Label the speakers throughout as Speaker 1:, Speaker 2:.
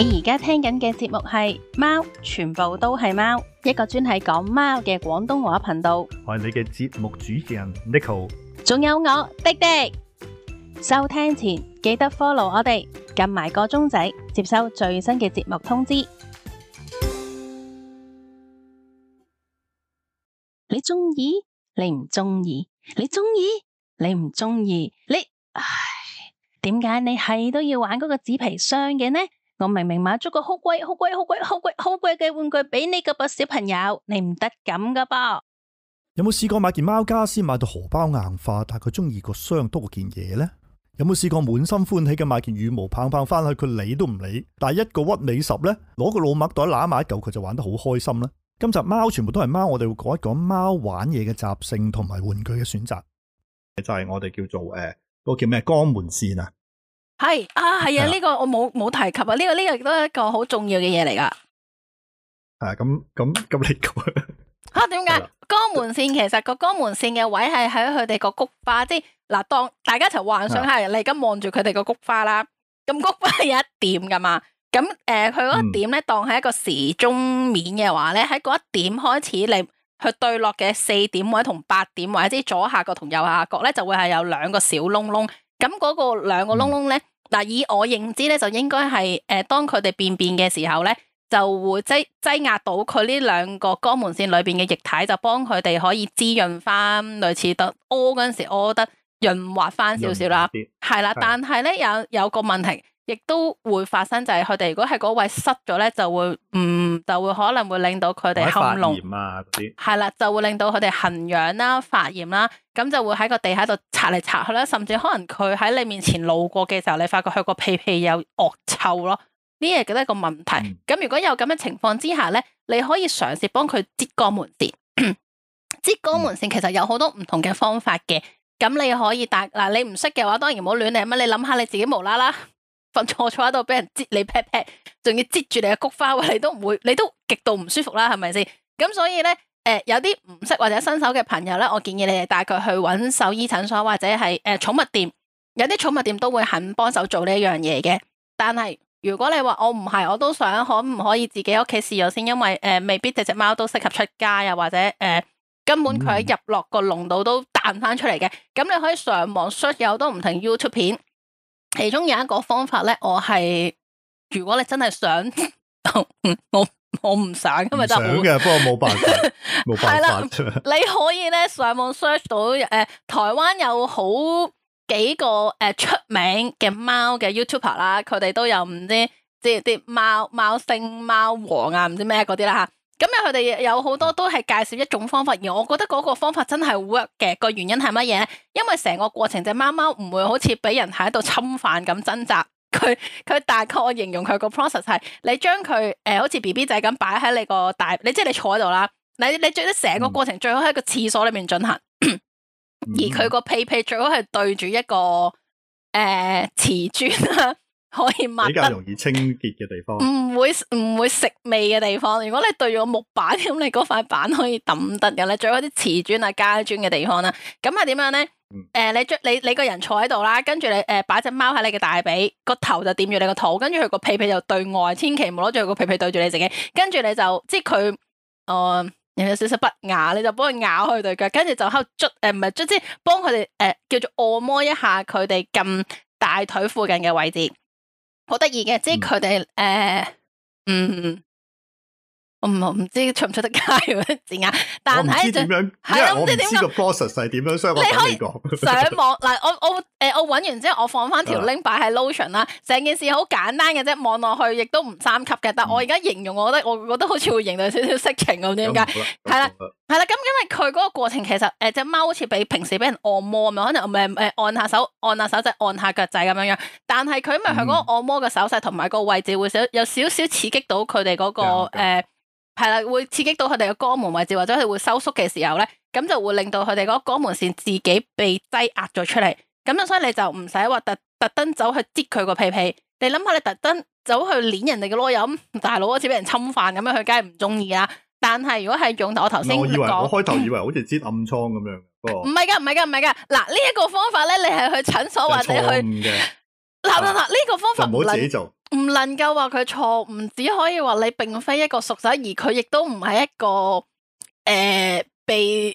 Speaker 1: 你而家聽緊嘅節目係貓，全部都係貓，一個專係講貓嘅廣東話頻道。
Speaker 2: 我係你嘅節目主持人 Neko，
Speaker 1: 仲有我廸廸。收聽前記得 follow 我哋，撳埋個鐘仔，接收最新嘅節目通知。你中意？你唔中意？你中意？你唔中意？你唉，點解你係都要玩嗰個紙皮箱嘅呢？我明明買咗個好貴、好貴、好貴、好貴、好貴嘅玩具俾你㗎噃，小朋友，你唔得咁噶噃？
Speaker 2: 有冇試過買件貓傢私買到荷包硬化，但係佢中意個箱過多件嘢咧？有冇試過滿心歡喜嘅買件羽毛棒棒翻去，佢理都唔理，但係一個屈尾十咧，攞個老麥袋揦埋一嚿，佢就玩得好開心啦。今集貓全部都係貓，我哋會講一講貓玩嘢嘅習性同埋玩具嘅選擇，就係我哋叫做誒、呃嗰個叫咩肛門腺啊。
Speaker 1: 係啊，係啊，呢個我冇冇提及啊，呢個呢個亦都係一個好重要嘅嘢嚟噶。
Speaker 2: 誒，咁咁咁你講
Speaker 1: 吓？點解江門線？其實個江門線嘅位係喺佢哋個菊花，即係嗱，當大家一齊幻想下，你而家望住佢哋個菊花啦。咁菊花係有一點噶嘛？咁誒，佢嗰一點咧，當係一個時鐘面嘅話咧，喺嗰一點開始，你佢對落嘅四點位同八點位，即係左下角同右下角咧，就會係有兩個小窿窿。咁嗰個兩個窿窿咧，嗱，以我認知咧就應該係，誒、呃、當佢哋便便嘅時候咧，就會擠擠壓到佢呢兩個肛門腺裏邊嘅液體，就幫佢哋可以滋潤翻，類似得屙嗰陣時屙得潤滑翻少少啦，
Speaker 2: 係啦滑的，但
Speaker 1: 係咧有有個問題。亦都會發生，就係佢哋如果係嗰位塞咗咧，就會唔、嗯、就會可能會令到佢哋睏炎啊嗰
Speaker 2: 啲，
Speaker 1: 係啦，就會令到佢哋痕癢啦、發炎啦，咁就會喺個地下度擦嚟擦去啦，甚至可能佢喺你面前路過嘅時候，你發覺佢個屁屁有惡臭咯，呢樣嘢都係個問題。咁、嗯、如果有咁嘅情況之下咧，你可以嘗試幫佢截肛門腺。截肛 門腺其實有好多唔同嘅方法嘅，咁你可以但嗱，你唔識嘅話，當然唔好亂嚟乜，你諗下你自己無啦啦。瞓錯喺度俾人接你 pat pat，仲要接住你嘅菊花，你都唔會，你都極度唔舒服啦，係咪先？咁所以咧，誒、呃、有啲唔識或者新手嘅朋友咧，我建議你哋帶佢去搵獸醫診所或者係誒寵物店，有啲寵物店都會肯幫手做呢樣嘢嘅。但係如果你話我唔係，我都想可唔可以自己屋企試咗先？因為誒、呃、未必隻隻貓都適合出街啊，或者誒、呃、根本佢喺入落個籠度都彈翻出嚟嘅。咁、嗯、你可以上網 search 有好多唔同 YouTube 片。其中有一個方法咧，我係如果你真係想， 我我唔想，因為真係好嘅，
Speaker 2: 不過冇辦法，
Speaker 1: 冇 辦法。 你可以咧，上網 search 到誒、呃、台灣有好幾個誒、呃、出名嘅貓嘅 YouTuber 啦，佢哋都有唔知即係啲貓貓星貓王啊，唔知咩嗰啲啦嚇。咁又佢哋有好多都係介紹一種方法，而我覺得嗰個方法真係 work 嘅。個原因係乜嘢？因為成個過程隻貓貓唔會好似俾人喺度侵犯咁掙扎。佢佢大概我形容佢個 process 係你將佢誒、呃、好似 B B 仔咁擺喺你個大，你即係你坐喺度啦。你你最得成個過程最好喺個廁所裏面進行， 而佢個屁屁最好係對住一個誒、呃、瓷磚啦。 可以抹，比
Speaker 2: 較容易清
Speaker 1: 潔嘅地方，唔會唔會食味嘅地方。如果你對住個木板咁，那你嗰塊板可以揼得㗎。你再嗰啲瓷磚啊、加磚嘅地方啦，咁係點樣咧？誒、嗯、呃，你捉你你個人坐喺度啦，跟住你誒，擺隻貓喺你嘅大髀個頭就掂住你個肚，跟住佢個屁屁就對外，千祈唔好攞住佢個屁屁對住你自己。跟住你就即係佢誒有少少不雅，你就幫佢咬佢對腳，跟住就敲捽誒唔係捽即係幫佢哋誒叫做按摩一下佢哋近大腿附近嘅位置。好得意嘅，即係佢哋，誒， uh, 嗯。我唔唔知出唔出得街咁樣點，但係點樣？因為我唔知個
Speaker 2: process 係點樣，所以我等上網
Speaker 1: 嗱，我我誒，我搵完之後我放翻條 link 擺喺 Lotion 啦。成件事好簡單嘅啫，望落去亦都唔三級嘅。但我而家形容，我覺得我覺得好似會形容少少色情咁點解？係啦係啦，咁因為佢嗰個過程其實誒，隻貓好似俾平時俾人按摩啊嘛，可能唔係唔按下手按下手仔按下腳仔咁樣樣。但係佢咪佢嗰個按摩嘅手勢同埋個位置會有少有少少刺激到佢哋嗰個誒。嗯嗯嗯嗯係啦，會刺激到佢哋嘅肛門位置或者佢哋會收縮嘅時候咧，咁就會令到佢哋個肛門線自己被擠壓咗出嚟，咁啊所以你就唔使話特特登走去擠佢個屁屁。你諗下，你特登走去攣人哋嘅囉柚，大佬好似俾人侵犯咁樣，佢梗係唔中意啦。但係如果係用頭我頭先講，我開
Speaker 2: 頭以為好似擠暗瘡咁樣，
Speaker 1: 唔係㗎，唔係㗎，唔係㗎。嗱呢一個方法咧，你係去診所或者去。係錯誤嘅。嗱嗱嗱！呢、啊、個方法唔好做，唔能夠話佢錯，唔只可以話你並非一個熟手，而佢亦都唔係一個誒、呃、被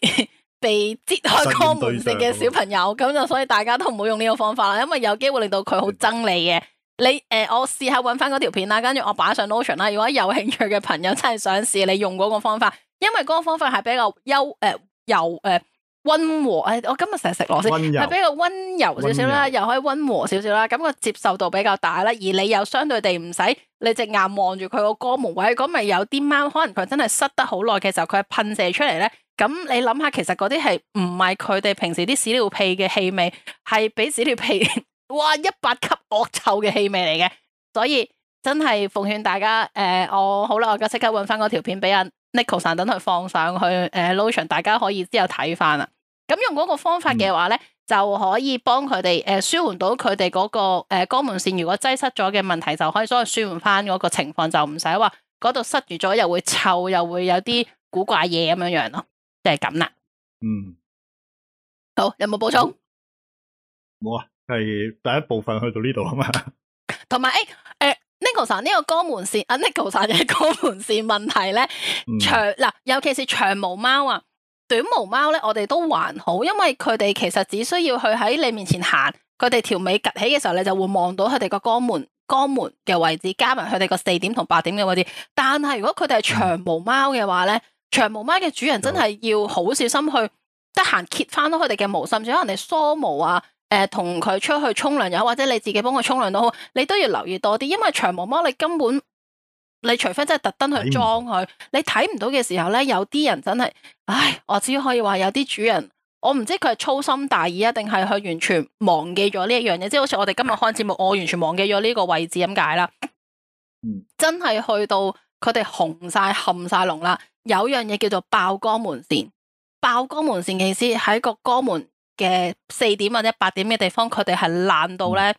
Speaker 1: 被揭 開光門式嘅小朋友。咁、嗯、就所以大家都唔好用呢個方法啦，因為有機會令到佢好憎你嘅。你誒、呃，我試下揾翻嗰條片啦，跟住我擺上 Notion 啦。如果有興趣嘅朋友真係想試你用嗰個方法，因為嗰個方法係比較優誒，有、呃、誒。呃呃呃呃溫和，誒，我今日成日食螺螄，係柔比較溫柔少少啦，溫柔又可以溫和少少啦，咁個接受度比較大啦，而你又相對地唔使你隻眼望住佢個肛門位，咁咪有啲貓可能佢真係塞得好耐嘅時候，佢係噴射出嚟咧，咁你諗下，其實嗰啲係唔係佢哋平時啲屎尿屁嘅氣味，係俾屎尿屁，哇，一百級惡臭嘅氣味嚟嘅，所以。真係奉勸大家，誒、呃，我好啦，我即刻搵翻嗰條片俾阿、啊、Nicholson 等佢放上去，誒、呃，Lotion，大家可以之後睇翻啦。咁用嗰個方法嘅話咧，嗯、就可以幫佢哋，誒、呃，舒緩到佢哋嗰個，誒、呃，肛門腺如果擠塞咗嘅問題，就可以幫佢舒緩翻嗰個情況，就唔使話嗰度塞住咗又會臭，又會有啲古怪嘢咁樣、就是、樣咯，即係咁啦。嗯，好，有冇補充？
Speaker 2: 冇啊，係第一部分去到呢度啊嘛 。
Speaker 1: 同埋，誒。n i c o l a s 呢個肛門線啊，n i c o l a s 嘅肛門線問題咧，長嗱，尤其是長毛貓啊，短毛貓咧我哋都還好，因為佢哋其實只需要去喺你面前行，佢哋條尾趌起嘅時候，你就會望到佢哋個肛門肛門嘅位置，加埋佢哋個四點同八點嘅位置。但係如果佢哋係長毛貓嘅話咧，長毛貓嘅主人真係要好小心去得閒、嗯、揭翻到佢哋嘅毛，甚至可能你梳毛啊。誒，同佢、呃、出去沖涼又或者你自己幫佢沖涼都好，你都要留意多啲，因為長毛貓你根本，你除非真係特登去裝佢，你睇唔到嘅時候咧，有啲人真係，唉，我只可以話有啲主人，我唔知佢係粗心大意啊，定係佢完全忘記咗呢一樣嘢，即係好似我哋今日開節目，我完全忘記咗呢個位置咁解啦。真係去到佢哋紅晒、冚晒龍啦，有樣嘢叫做爆肛門腺，爆肛門腺意思喺個肛門嘅四點或者八點嘅地方，佢哋係爛到咧，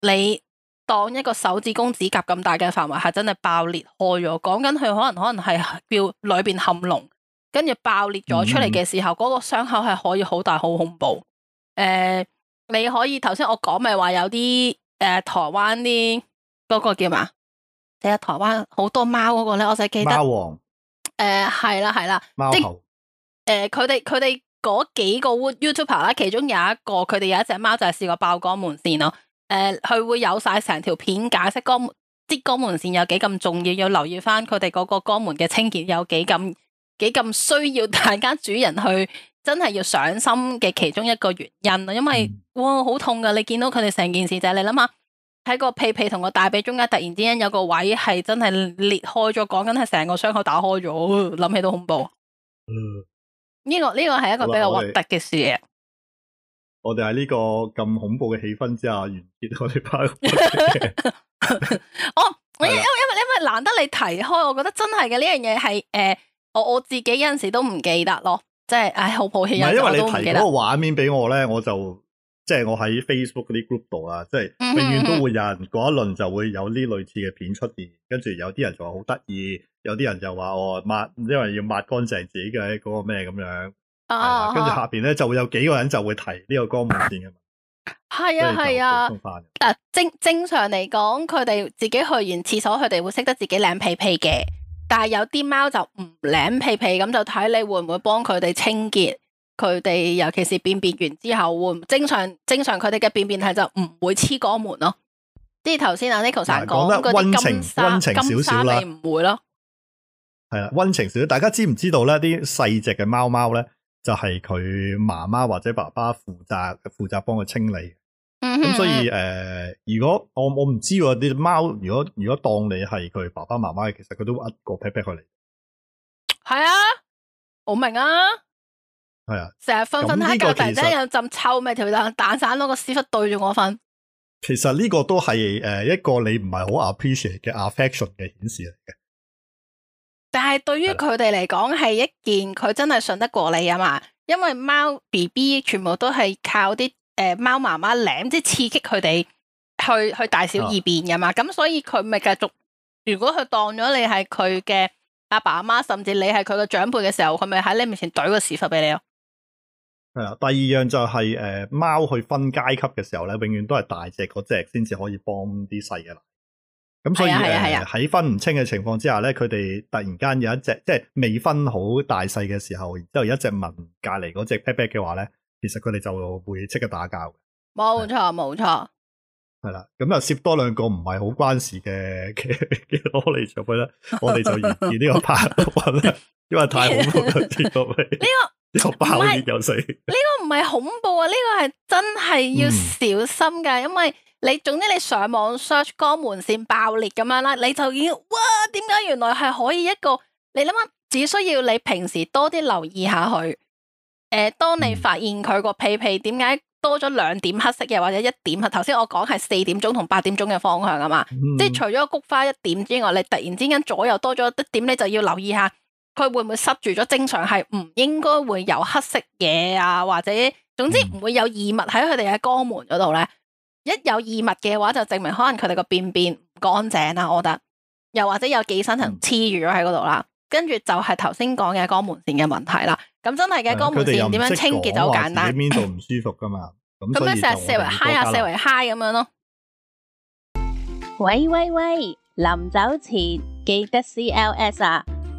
Speaker 1: 嗯、你當一個手指公指甲咁大嘅範圍係真係爆裂開咗。講緊佢可能可能係叫裏邊含膿，跟住爆裂咗出嚟嘅時候，嗰、嗯、個傷口係可以好大，好恐怖。誒、呃，你可以頭先我講咪話有啲誒、呃、台灣啲嗰個叫咩？睇下台灣好多貓嗰個咧，我就記得貓貓王、呃。誒，係啦係啦，貓頭誒，佢哋佢哋。頭嗰幾個 YouTuber 啦，其中有一個佢哋有一隻貓就係試過爆肛門線咯。誒、呃，佢會有晒成條片解釋啲肛門線有幾咁重要，要留意翻佢哋嗰個肛門嘅清潔有幾咁幾咁需要，大家主人去真係要上心嘅其中一個原因咯。因為哇，好痛噶！你見到佢哋成件事就係你諗下喺個屁屁同個大髀中間突然之間有個位係真係裂開咗，講緊係成個傷口打開咗，諗起都恐怖。嗯。呢、個呢個係一個比較核突嘅事嘅，
Speaker 2: 我哋喺呢個咁恐怖嘅氣氛之下完結我哋拍。哦，
Speaker 1: 我因因為，了因為因為因為難得你提開，我覺得真係嘅呢樣嘢係誒，我我自己有陣時都唔記得咯，即係唉，好抱歉。唔係因為你提嗰個畫
Speaker 2: 面俾我咧，我就。即係我喺 Facebook 嗰啲 group 度啊，即係永遠都會有人過、嗯、一輪就會有呢類似嘅片出現，跟住有啲人，人就話好得意，有啲人就話我抹，因為要抹乾淨自己嗰、那個咩咁樣，
Speaker 1: 跟住、啊啊、下
Speaker 2: 邊咧就會有幾個人就會提呢個肛門腺嘅，係
Speaker 1: 啊係啊，但、啊啊、正正常嚟講，佢哋自己去完廁所，佢哋會識得自己舐屁屁嘅，但係有啲貓就唔舐屁屁，咁就睇你會唔會幫佢哋清潔。佢哋尤其是便便完之後會，會正常正常佢哋嘅便便係就唔會黐肛門咯。即係頭先阿 Nico 生講嗰啲金砂金砂咪唔會咯。
Speaker 2: 係啦，溫、啊、情少少，大家知唔知道咧？啲細隻嘅貓貓咧，就係佢媽媽或者爸爸負責負責幫佢清理。咁、嗯、哼所以誒、呃，如果我我唔知啲貓、啊，隻貓如果如果當你係佢爸爸媽媽，其實佢都會一個撇撇佢嚟。
Speaker 1: 係啊，好明啊。
Speaker 2: 係啊，成日瞓瞓下覺，突然間有
Speaker 1: 陣臭味，條蛋蛋散攞個屎忽對住我瞓。
Speaker 2: 其實呢個都係誒一個你唔係好 appreciate 嘅 affection 嘅顯示嚟嘅。
Speaker 1: 但係對於佢哋嚟講係一件佢真係信得過你啊嘛，因為貓 B B 全部都係靠啲誒貓媽媽舐，即係刺激佢哋去去大小二便噶嘛，咁的所以佢咪繼續。如果佢當咗你係佢嘅阿爸阿媽，甚至你係佢嘅長輩嘅時候，佢咪喺你面前懟個屎忽俾你咯。
Speaker 2: 係啦，第二樣就係誒貓去分階級嘅時候咧，永遠都係大隻嗰隻先至可以幫啲細嘅啦。咁所以誒喺分唔清嘅情況之下咧，佢哋突然間有一隻即係未分好大細嘅時候，之後有一隻聞隔籬嗰隻 pet pet 嘅話咧，其實佢哋就會即刻打交。
Speaker 1: 冇錯，冇錯。
Speaker 2: 係啦，咁啊，攝多兩個唔係好關事嘅嘅嘅攞嚟做咩咧？我哋就以呢個拍因為太恐怖咗啲多你。爆裂又死，
Speaker 1: 呢有水 個唔係恐怖啊！呢、這個係真係要小心噶。嗯、因為你，總之你上網 search 肛門腺爆裂咁樣啦，你就已經哇，點解原來係可以一個？你諗下，只需要你平時多啲留意下佢。誒、呃，當你發現佢個屁屁點解多咗兩點黑色嘅，或者一點，頭先我講係四點鐘同八點鐘嘅方向啊嘛，嗯、即係除咗菊花一點之外，你突然之間左右多咗一點，你就要留意下。佢會唔會塞住咗？正常係唔應該會有黑色嘢啊，或者總之唔會有異物喺佢哋嘅肛門嗰度咧。一有異物嘅話，就證明可能佢哋個便便唔乾淨啦。我覺得，又或者有寄生蟲黐住咗喺嗰度啦。跟住就係頭先講嘅肛門線嘅問題啦。咁真係嘅肛門線點樣清潔就好簡單。邊度
Speaker 2: 唔舒服噶嘛？咁樣成日食為 high 啊，食為
Speaker 1: high 咁樣咯。喂喂喂，臨走前記得 C L S 啊！